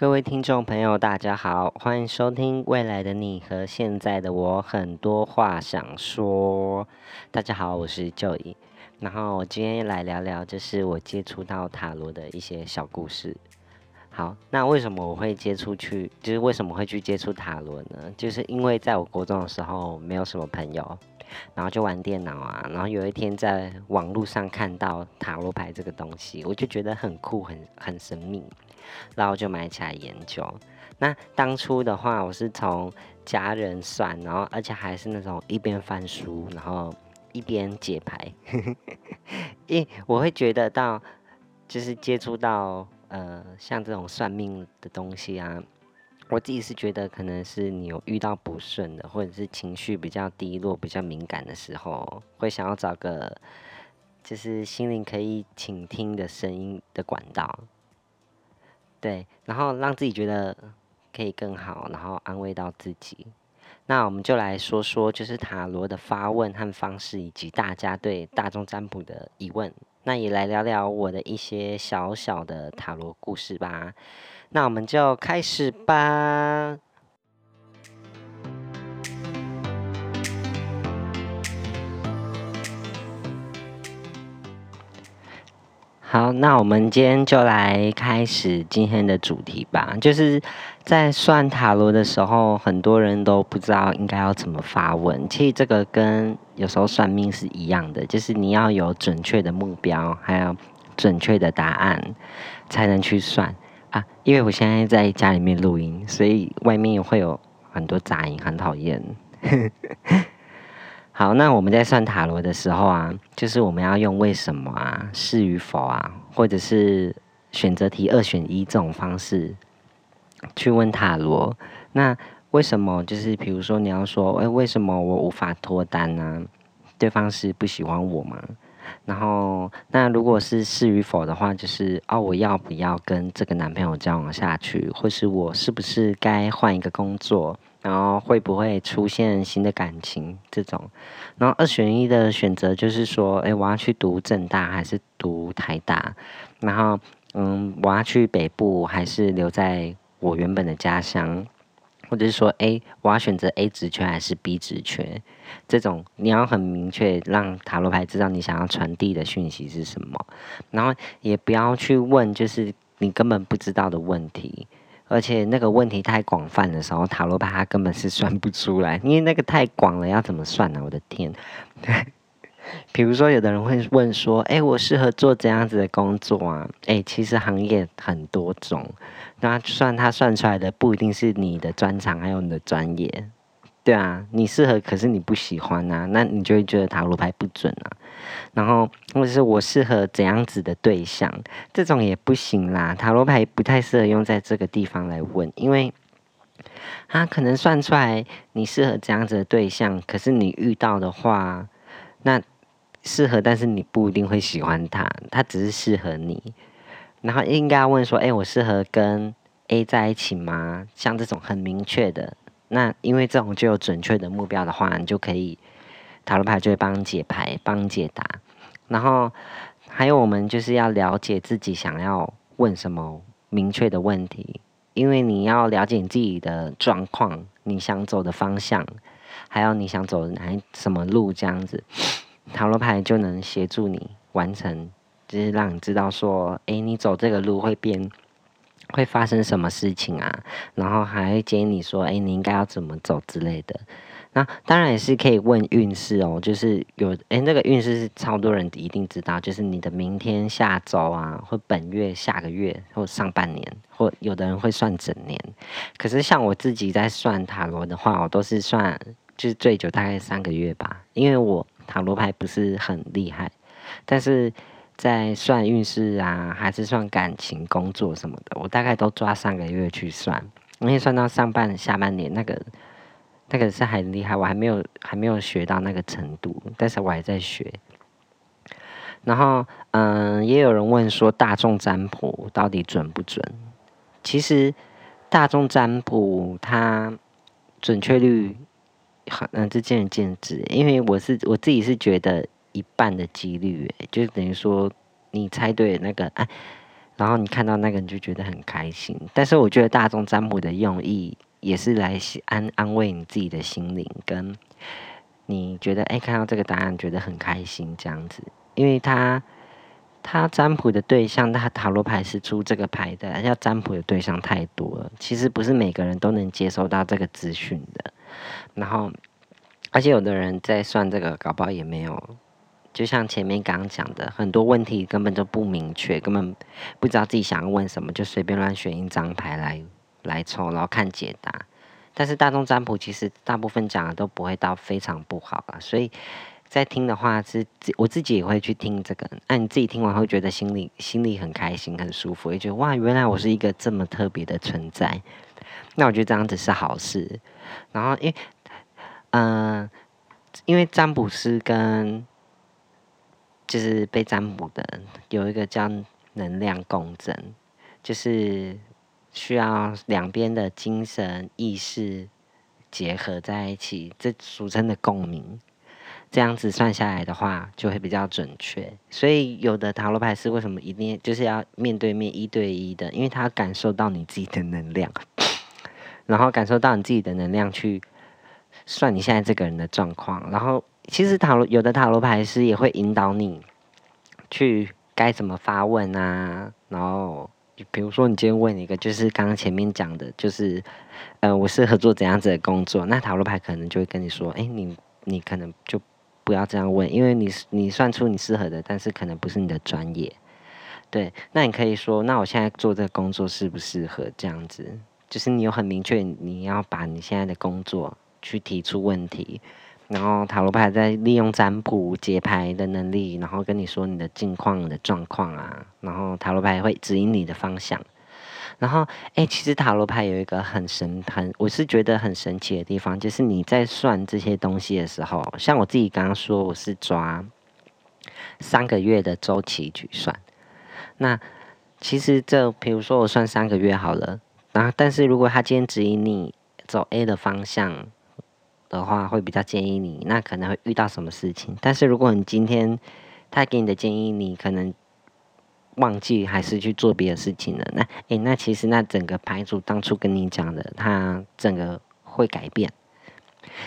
各位聽眾朋友，大家好，歡迎收聽《未來的你和現在的我》，很多話想說。大家好，我是 Joy，然後我今天來聊聊，就是我接觸到塔羅的一些小故事。好，那為什麼我會接觸去，就是為什麼會去接觸塔羅呢？就是因為在我國中的時候，沒有什麼朋友，然後就玩電腦啊，然後有一天在網路上看到塔羅牌這個東西，我就覺得很酷，很很神秘。然後就買起來研究。那當初的話，我是從家人算，然後而且還是那種一邊翻書，然後一邊解牌。 因為我會覺得到，就是接觸到呃像這種算命的東西啊，我自己是覺得可能是你有遇到不順的，或者是情緒比較低落、比較敏感的時候，會想要找個就是心靈可以傾聽的聲音的管道。對，然後讓自己覺得可以更好，然後安慰到自己。那我們就來說說，就是塔羅的發問和方式，以及大家對大眾占卜的疑問。那也來聊聊我的一些小小的塔羅故事吧。那我們就開始吧。好，那我們今天就來開始今天的主題吧。就是在算塔羅的時候，很多人都不知道應該要怎麼發問。其實這個跟有時候算命是一樣的，就是你要有準確的目標，還有準確的答案，才能去算啊。因為我現在在家裡面錄音，所以外面也會有很多雜音，很討厭。 好，那我們在算塔羅的時候啊，就是我們要用為什麼啊，是與否啊，或者是選擇題二選一這種方式去問塔羅。那為什麼？就是比如說你要說，哎、欸，為什麼我無法脫單呢、啊？對方是不喜歡我嗎？然後，那如果是是與否的話，就是哦、啊，我要不要跟這個男朋友交往下去，或是我是不是該換一個工作？然後會不會出現新的感情這種？然後二選一的選擇就是說，哎，我要去讀政大還是讀台大？然後，嗯，我要去北部還是留在我原本的家鄉？或者是說，哎，我要選擇 A 職缺還是 B 職缺？這種你要很明確，讓塔羅牌知道你想要傳遞的訊息是什麼。然後也不要去問，就是你根本不知道的問題。而且那個問題太廣泛的時候，塔羅牌它根本是算不出來，因為那個太廣了，要怎麼算呢？啊？我的天，對。 比如說有的人會問說：“哎、欸，我適合做這樣子的工作啊？”哎、欸，其實行業很多種，那算他算出來的，不一定是你的專長，還有你的專業。對啊，你適合，可是你不喜歡啊，那你就會覺得塔羅牌不準啊。然後，或者是我適合怎樣子的對象，這種也不行啦。塔羅牌不太適合用在這個地方來問，因為它可能算出來你適合怎樣子的對象，可是你遇到的話，那適合，但是你不一定會喜歡他，他只是適合你。然後應該要問說，哎，我適合跟 A 在一起嗎？像這種很明確的。那因為這種就有準確的目標的話，你就可以塔羅牌就會幫你解牌、幫你解答。然後還有我們就是要了解自己想要問什麼明確的問題，因為你要了解你自己的狀況、你想走的方向，還有你想走哪什麼路這樣子，塔羅牌就能協助你完成，就是讓你知道說，誒、欸，你走這個路會變。會發生什麼事情啊？然後還建議你說：“哎，你應該要怎麼走之類的。”那當然也是可以問運勢哦，就是有誒，那個運勢是超多人一定知道，就是你的明天、下週啊，或本月、下個月，或上半年，或有的人會算整年。可是像我自己在算塔羅的話，我都是算就是最久大概三個月吧，因為我塔羅牌不是很厲害，但是。在算運勢啊，還是算感情、工作什麼的，我大概都抓上個月去算。我可以算到上半、下半年那個，那個是很厲害，我還沒有還沒有學到那個程度，但是我還在學。然後，嗯、呃，也有人問說大眾占卜到底準不準？其實，大眾占卜它準確率很嗯、呃，就見仁見智。因為我是我自己是覺得。一半的幾率、欸，就是等於說你猜對那個哎、啊，然後你看到那個人就覺得很開心。但是我覺得大眾占卜的用意也是來安安慰你自己的心靈，跟你覺得哎、欸、看到這個答案覺得很開心這樣子。因為他他占卜的對象，他塔羅牌是出這個牌的，要占卜的對象太多了，其實不是每個人都能接受到這個資訊的。然後，而且有的人在算這個，搞不好也沒有。就像前面剛剛講的，很多問題根本就不明確，根本不知道自己想要問什麼，就隨便亂選一張牌來來抽，然後看解答。但是大眾占卜其實大部分講的都不會到非常不好啦，所以在聽的話是，我自己也會去聽這個。那、啊、你自己聽完會覺得心裡心裡很開心、很舒服，也覺得哇，原來我是一個這麼特別的存在。那我覺得這樣子是好事。然後因為，嗯、呃，因為占卜師跟就是被占卜的有一個叫能量共振，就是需要兩邊的精神意識結合在一起，這俗稱的共鳴。這樣子算下來的話，就會比較準確。所以有的塔羅牌是為什麼一定就是要面對面一對一的？因為他要感受到你自己的能量，然後感受到你自己的能量去算你現在這個人的狀況，然後。其實塔羅有的塔羅牌師也會引導你去該怎麼發問啊？然後，比如說你今天問一個，就是剛剛前面講的，就是，呃，我適合做怎樣子的工作？那塔羅牌可能就會跟你說，哎，你你可能就不要這樣問，因為你你算出你適合的，但是可能不是你的專業。對，那你可以說，那我現在做這個工作適不適合？這樣子，就是你有很明確你要把你現在的工作去提出問題。然後塔羅牌在利用占卜解牌的能力，然後跟你說你的近況的狀況啊。然後塔羅牌會指引你的方向。然後，哎、欸，其實塔羅牌有一個很神、很我是覺得很神奇的地方，就是你在算這些東西的時候，像我自己剛剛說，我是抓三個月的週期去算。那其實這，比如說我算三個月好了，然後但是如果他今天指引你走 A 的方向。的話會比較建議你，那可能會遇到什麼事情。但是如果你今天他給你的建議，你可能忘記還是去做別的事情了。那誒、欸，那其實那整個牌組當初跟你講的，他整個會改變。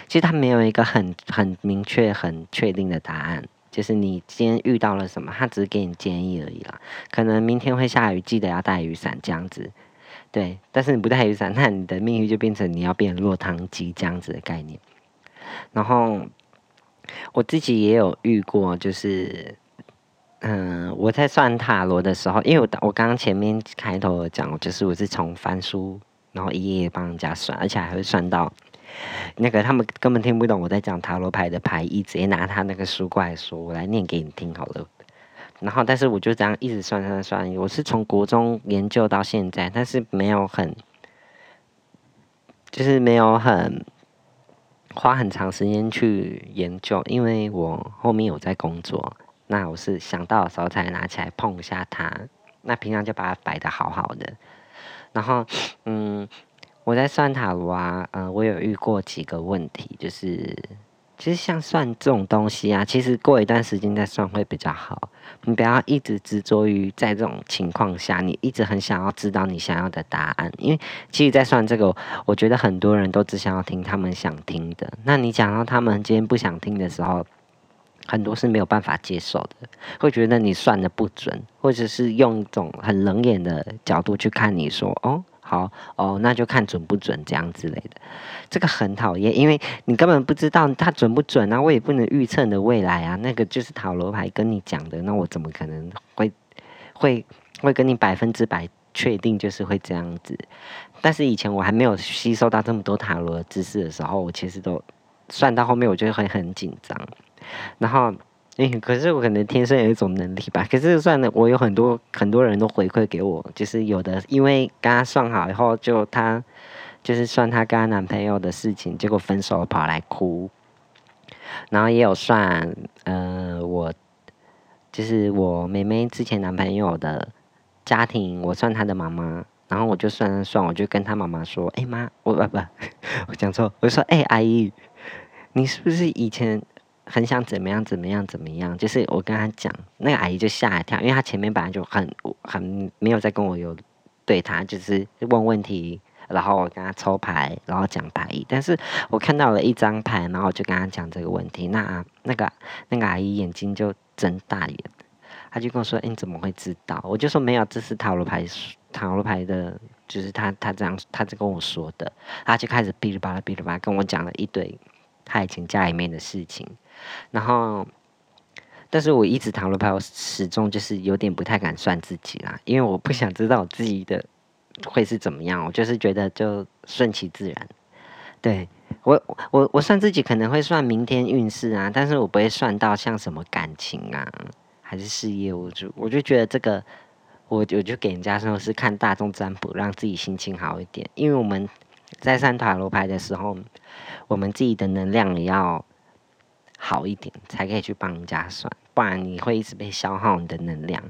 其實他沒有一個很很明確、很確定的答案。就是你今天遇到了什麼，他只是給你建議而已啦。可能明天會下雨，記得要帶雨傘這樣子。對，但是你不帶雨傘，那你的命運就變成你要變落湯雞這樣子的概念。然後我自己也有遇過，就是，嗯，我在算塔羅的時候，因為我我剛剛前面開頭講，就是我是從翻書，然後一頁一頁幫人家算，而且還會算到，那個他們根本聽不懂我在講塔羅牌的牌意，直接拿他那個書過來說，我來念給你聽好了。然後，但是我就這樣一直算算算，我是從國中研究到現在，但是沒有很，就是沒有很。花很長時間去研究，因為我後面有在工作，那我是想到的時候才拿起來碰一下它，那平常就把它擺的好好的。然後，嗯，我在算塔羅啊，嗯、呃，我有遇過幾個問題，就是。其實像算這種東西啊，其實過一段時間再算會比較好。你不要一直執着於在這種情況下，你一直很想要知道你想要的答案。因為其實在算這個，我覺得很多人都只想要聽他們想聽的。那你講到他們今天不想聽的時候，很多是沒有辦法接受的，會覺得你算的不準，或者是用一種很冷眼的角度去看你說哦。好哦，那就看準不準這樣之類的，這個很討厭，因為你根本不知道它準不準啊，我也不能預測你的未來啊，那個就是塔羅牌跟你講的，那我怎麼可能會，會會跟你百分之百確定就是會這樣子？但是以前我還沒有吸收到這麼多塔羅的知識的時候，我其實都算到後面我就會很緊張，然後。可是我可能天生有一種能力吧。可是算了，我有很多很多人都回饋給我，就是有的因為跟他算好以後，就他就是算他跟他男朋友的事情，結果分手跑來哭。然後也有算，呃，我就是我妹妹之前男朋友的家庭，我算她的媽媽，然後我就算了算，我就跟她媽媽說，哎、欸、媽，我爸爸，我講錯，我說哎、欸、阿姨，你是不是以前？很想怎麼樣怎麼樣怎麼樣，就是我跟他講，那個阿姨就嚇一跳，因為她前面本來就很很沒有在跟我有對他就是問問題，然後我跟他抽牌，然後講牌，但是我看到了一張牌，然後我就跟他講這個問題，那、啊、那個那個阿姨眼睛就睜大眼，他就跟我說：“欸、你怎麼會知道？”我就說：“沒有，這是塔羅牌，塔羅牌的，就是他他這樣他就跟我說的。”他就開始嗶哩吧啦嗶哩吧啦跟我講了一堆她以前家裡面的事情。然後，但是我一直塔羅牌，我始終就是有點不太敢算自己啦，因為我不想知道我自己的會是怎麼樣。我就是覺得就順其自然。對我，我我算自己可能會算明天運勢啊，但是我不會算到像什麼感情啊，還是事業。我就我就覺得這個，我我就給人家說是看大眾占卜，讓自己心情好一點。因為我們在上塔羅牌的時候，我們自己的能量也要。好一點，才可以去幫人家算，不然你會一直被消耗你的能量。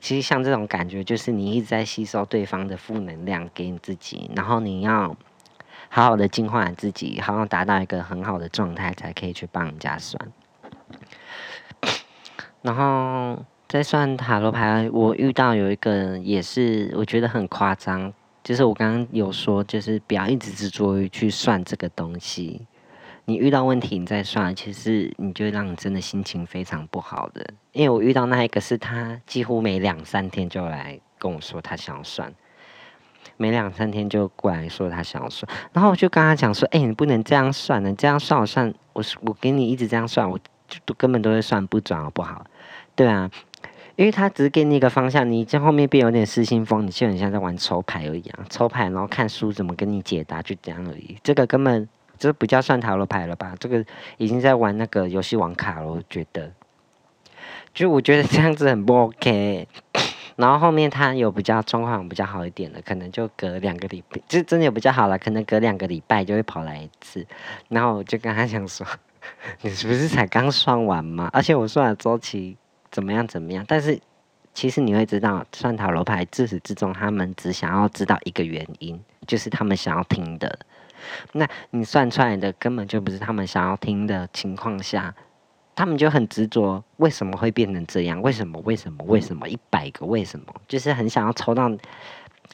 其實像這種感覺，就是你一直在吸收對方的負能量給你自己，然後你要好好的淨化你自己，好好達到一個很好的狀態，才可以去幫人家算。然後再算塔羅牌，我遇到有一個也是，我覺得很誇張，就是我剛剛有說，就是不要一直執着於去算這個東西。你遇到問題，你再算，其實你就會讓你真的心情非常不好的。因為我遇到那一個是他幾乎每兩三天就來跟我說他想要算，每兩三天就過來說他想要算，然後我就跟他講說：“哎、欸，你不能這樣算的，你這樣算我算，我我給你一直這樣算，我就都根本都會算不準，好不好？對啊，因為他只是給你一個方向，你這後面變有點失心瘋，你就很像在玩抽牌一樣，啊，抽牌然後看書怎麼跟你解答，就這樣而已。這個根本。這不叫算塔羅牌了吧？這個已經在玩那個遊戲王卡了，我覺得。就我覺得這樣子很不 OK。然後後面他有比較狀況比較好一點的，可能就隔兩個禮拜，就真的有比較好了，可能隔兩個禮拜就會跑來一次。然後我就跟他講說：“你是不是才剛算完嗎？而且我算了周期怎麼樣怎麼樣？”但是其實你會知道，算塔羅牌自始至終，他們只想要知道一個原因，就是他們想要聽的。那你算出來的根本就不是他們想要聽的情況下，他們就很執着，為什麼會變成這樣？為什麼？為什麼？為什麼？一百個為什麼，就是很想要抽到。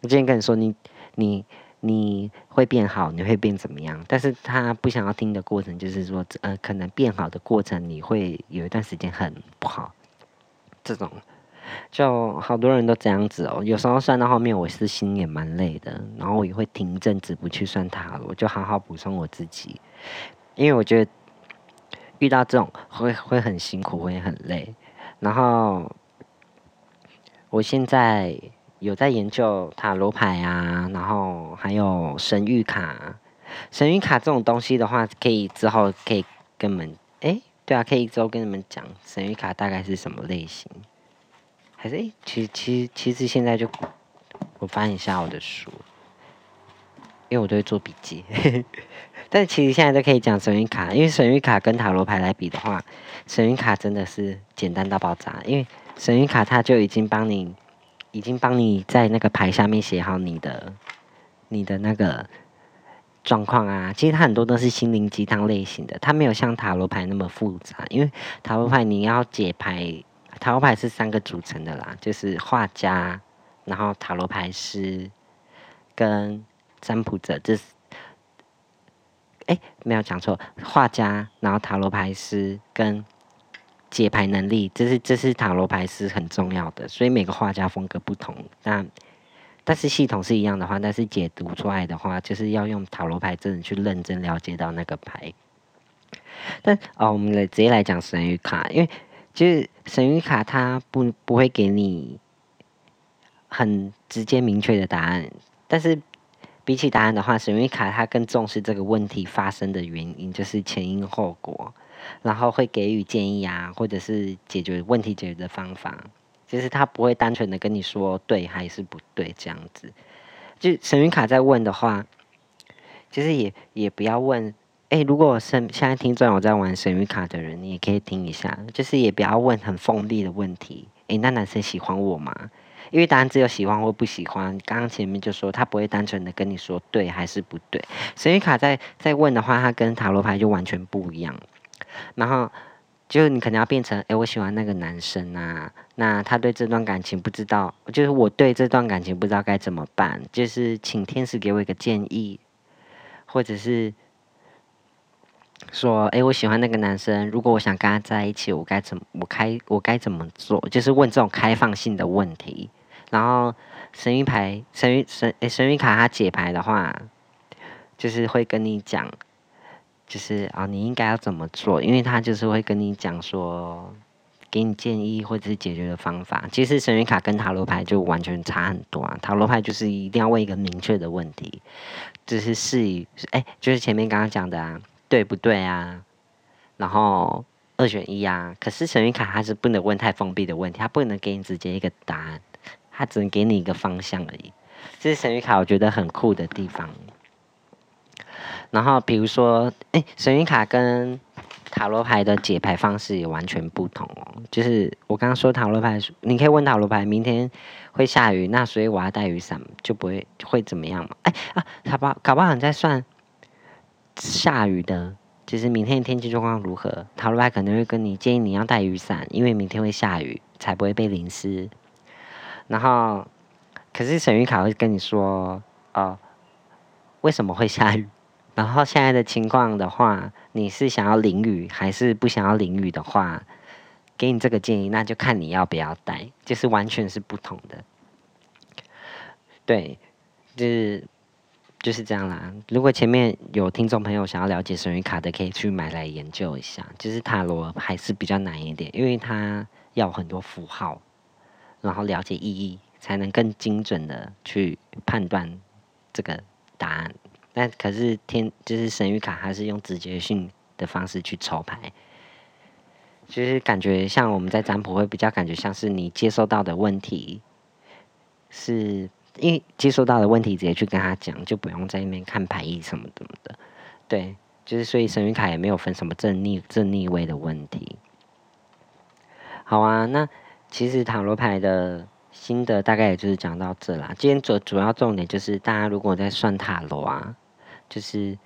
我之前跟你說你，你你你會變好，你會變怎麼樣？但是他不想要聽的過程，就是說，呃，可能變好的過程，你會有一段時間很不好，這種。就好多人都這樣子哦，有時候算到後面，我是心也蠻累的，然後我也會停一陣子不去算塔羅，就好好補充我自己，因為我覺得遇到這種會會很辛苦，會很累。然後我現在有在研究塔羅牌啊，然後還有神諭卡。神諭卡這種東西的話，可以之後可以跟你們，欸，對啊，可以之後跟你們講神諭卡大概是什麼類型。還是，其實其實其實現在就我翻一下我的書，因為我都會做筆記呵呵。但其實現在都可以講神諭卡，因為神諭卡跟塔羅牌來比的話，神諭卡真的是簡單到爆炸。因為神諭卡它就已經幫你，已經幫你在那個牌下面寫好你的，你的那個狀況啊。其實它很多都是心靈雞湯類型的，它沒有像塔羅牌那麼複雜。因為塔羅牌你要解牌。塔羅牌是三個組成的啦，就是畫家，然後塔羅牌師，跟占卜者。這、就是，誒、欸，沒有講錯，畫家，然後塔羅牌師跟解牌能力，這是，這是塔羅牌師很重要的。所以每個畫家風格不同，但但是系統是一樣的話，但是解讀出來的話，就是要用塔羅牌真的去認真了解到那個牌。但哦，我們來直接來講神諭卡，因為。就是神諭卡他，它，不不會給你很直接明確的答案，但是比起答案的話，神諭卡它更重視這個問題發生的原因，就是前因後果，然後會給予建議啊，或者是解決問題解決的方法。就是它不會單純的跟你說對還是不對這樣子，就神諭卡在問的話，其實也也不要問。誒，如果我是現在聽眾我在玩神諭卡的人，你也可以聽一下，就是也不要問很鋒利的問題。誒，那男生喜歡我嗎？因為答案只有喜歡或不喜歡。剛剛前面就說他不會單純的跟你說對還是不對。神諭卡在在問的話，他跟塔羅牌就完全不一樣。然後就是你可能要變成哎，我喜歡那個男生吶，啊，那他對這段感情不知道，就是我對這段感情不知道該怎麼辦，就是請天使給我一個建議，或者是。說，誒，我喜歡那個男生，如果我想跟他在一起，我該怎麼？我開我該怎麼做？就是問這種開放性的問題。然後神諭牌、神諭神誒，神諭卡，他解牌的話，就是會跟你講，就是啊、哦，你應該要怎麼做？因為他就是會跟你講說，給你建議或者是解決的方法。其實神諭卡跟塔羅牌就完全差很多啊！塔羅牌就是一定要問一個明確的問題，就是是以誒，就是前面剛剛講的啊。對不對啊？然後二選一啊。可是神諭卡它是不能問太封閉的問題，它不能給你直接一個答案，它只能給你一個方向而已。這是神諭卡我覺得很酷的地方。然後比如說，哎，神諭卡跟塔羅牌的解牌方式也完全不同哦。就是我剛剛說塔羅牌，你可以問塔羅牌明天會下雨，那所以我要帶雨傘就不會就會怎麼樣嘛？哎啊，搞不好，搞不好你再算？下雨的，就是明天的天氣狀況如何？塔羅牌可能會跟你建議你要帶雨傘，因為明天會下雨，才不會被淋濕。然後，可是神諭卡會跟你說，哦，為什麼會下雨？然後現在的情況的話，你是想要淋雨還是不想要淋雨的話，給你這個建議，那就看你要不要帶，就是完全是不同的。對，就是。就是這樣啦。如果前面有聽眾朋友想要了解神諭卡的，可以去買來研究一下。就是塔羅還是比較難一點，因為它要很多符號，然後了解意義，才能更精準地去判斷這個答案。但可是天，就是神諭卡，它是用直覺性的方式去抽牌，就是感覺像我們在占卜會比較感覺像是你接收到的問題是。因為接收到的問題直接去跟他講，就不用在那邊看牌意什麼什麼的，對，就是所以神諭卡也沒有分什麼正逆正逆位的問題。好啊，那其實塔羅牌的心得大概也就是講到這啦。今天主主要重點就是大家如果在算塔羅啊，就是。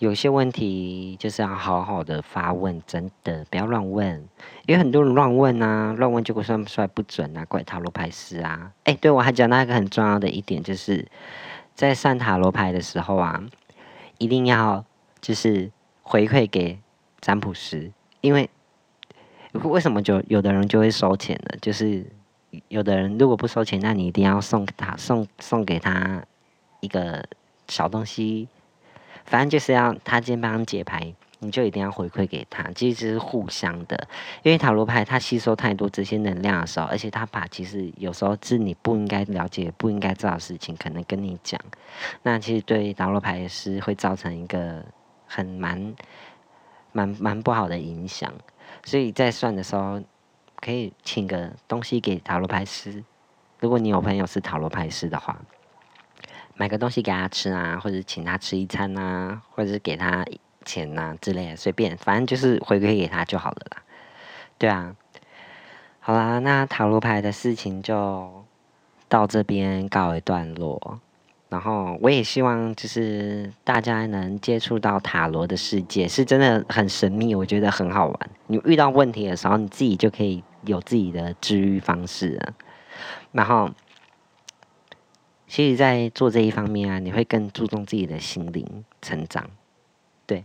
有些問題就是要好好的發問，真的不要亂問，因為很多人亂問啊，亂問結果算出來不準啊，怪塔羅牌師啊。哎、欸，對我還講到一個很重要的一點，就是在上塔羅牌的時候啊，一定要就是回饋給占卜師，因為為什麼就有的人就會收錢呢？就是有的人如果不收錢，那你一定要送他送送給他一個小東西。反正就是要他先幫你解牌，你就一定要回饋給他，其實是互相的。因為塔羅牌它吸收太多這些能量的時候，而且他把其實有時候是你不應該了解、不應該知道的事情，可能跟你講。那其實對塔羅牌師會造成一個很蠻、蠻蠻不好的影響。所以在算的時候，可以請個東西給塔羅牌師。如果你有朋友是塔羅牌師的話。買個東西給他吃啊，或者請他吃一餐啊，或者是給他錢吶、啊、之類的，隨便，反正就是回饋給他就好了啦。對啊，好啦，那塔羅牌的事情就到這邊告一段落。然後我也希望就是大家能接觸到塔羅的世界，是真的很神秘，我覺得很好玩。你遇到問題的時候，你自己就可以有自己的治癒方式。然後。所以在做這一方面啊，你會更注重自己的心靈成長。對，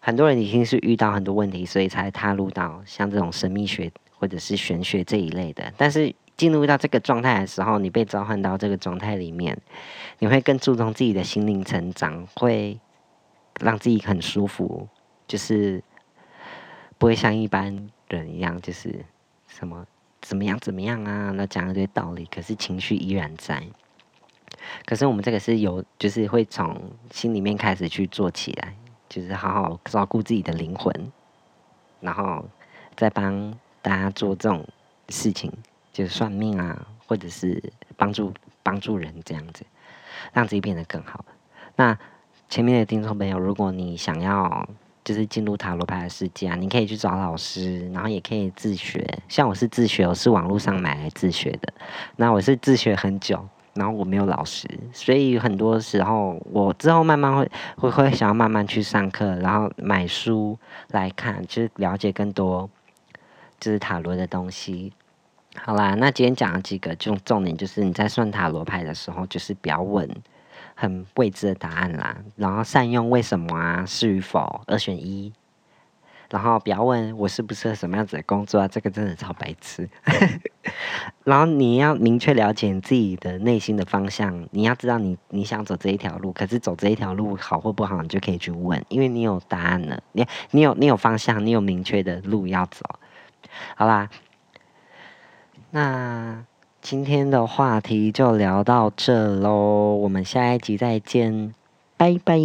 很多人已經是遇到很多問題，所以才踏入到像這種神秘學或者是玄學這一類的。但是進入到這個狀態的時候，你被召喚到這個狀態裡面，你會更注重自己的心靈成長，會讓自己很舒服，就是不會像一般人一樣，就是什麼怎麼樣怎麼樣啊，那講一堆道理，可是情緒依然在。可是我們這個是有，就是會從心裡面開始去做起來，就是好好照顧自己的靈魂，然後再幫大家做這種事情，就是算命啊，或者是幫助幫助人這樣子，讓自己變得更好。那前面的聽眾朋友，如果你想要就是進入塔羅牌的世界啊，你可以去找老師，然後也可以自學。像我是自學，我是網絡上買來自學的。那我是自學很久。然後我沒有老師，所以很多時候我之後慢慢會會會想要慢慢去上課，然後買書來看，就是了解更多，就是塔羅的東西。好啦，那今天講了幾個，就重點就是你在算塔羅牌的時候就是不要問，很未知的答案啦。然後善用為什麼啊，是與否，二選一。然後不要問我適不適合什麼樣子的工作啊，這個真的超白痴。 然後你要明確了解你自己的內心的方向，你要知道你你想走這一條路，可是走這一條路好或不好，你就可以去問，因為你有答案了，你你有你有方向，你有明確的路要走。好啦，那今天的話題就聊到這嘍，我們下一集再見，拜拜。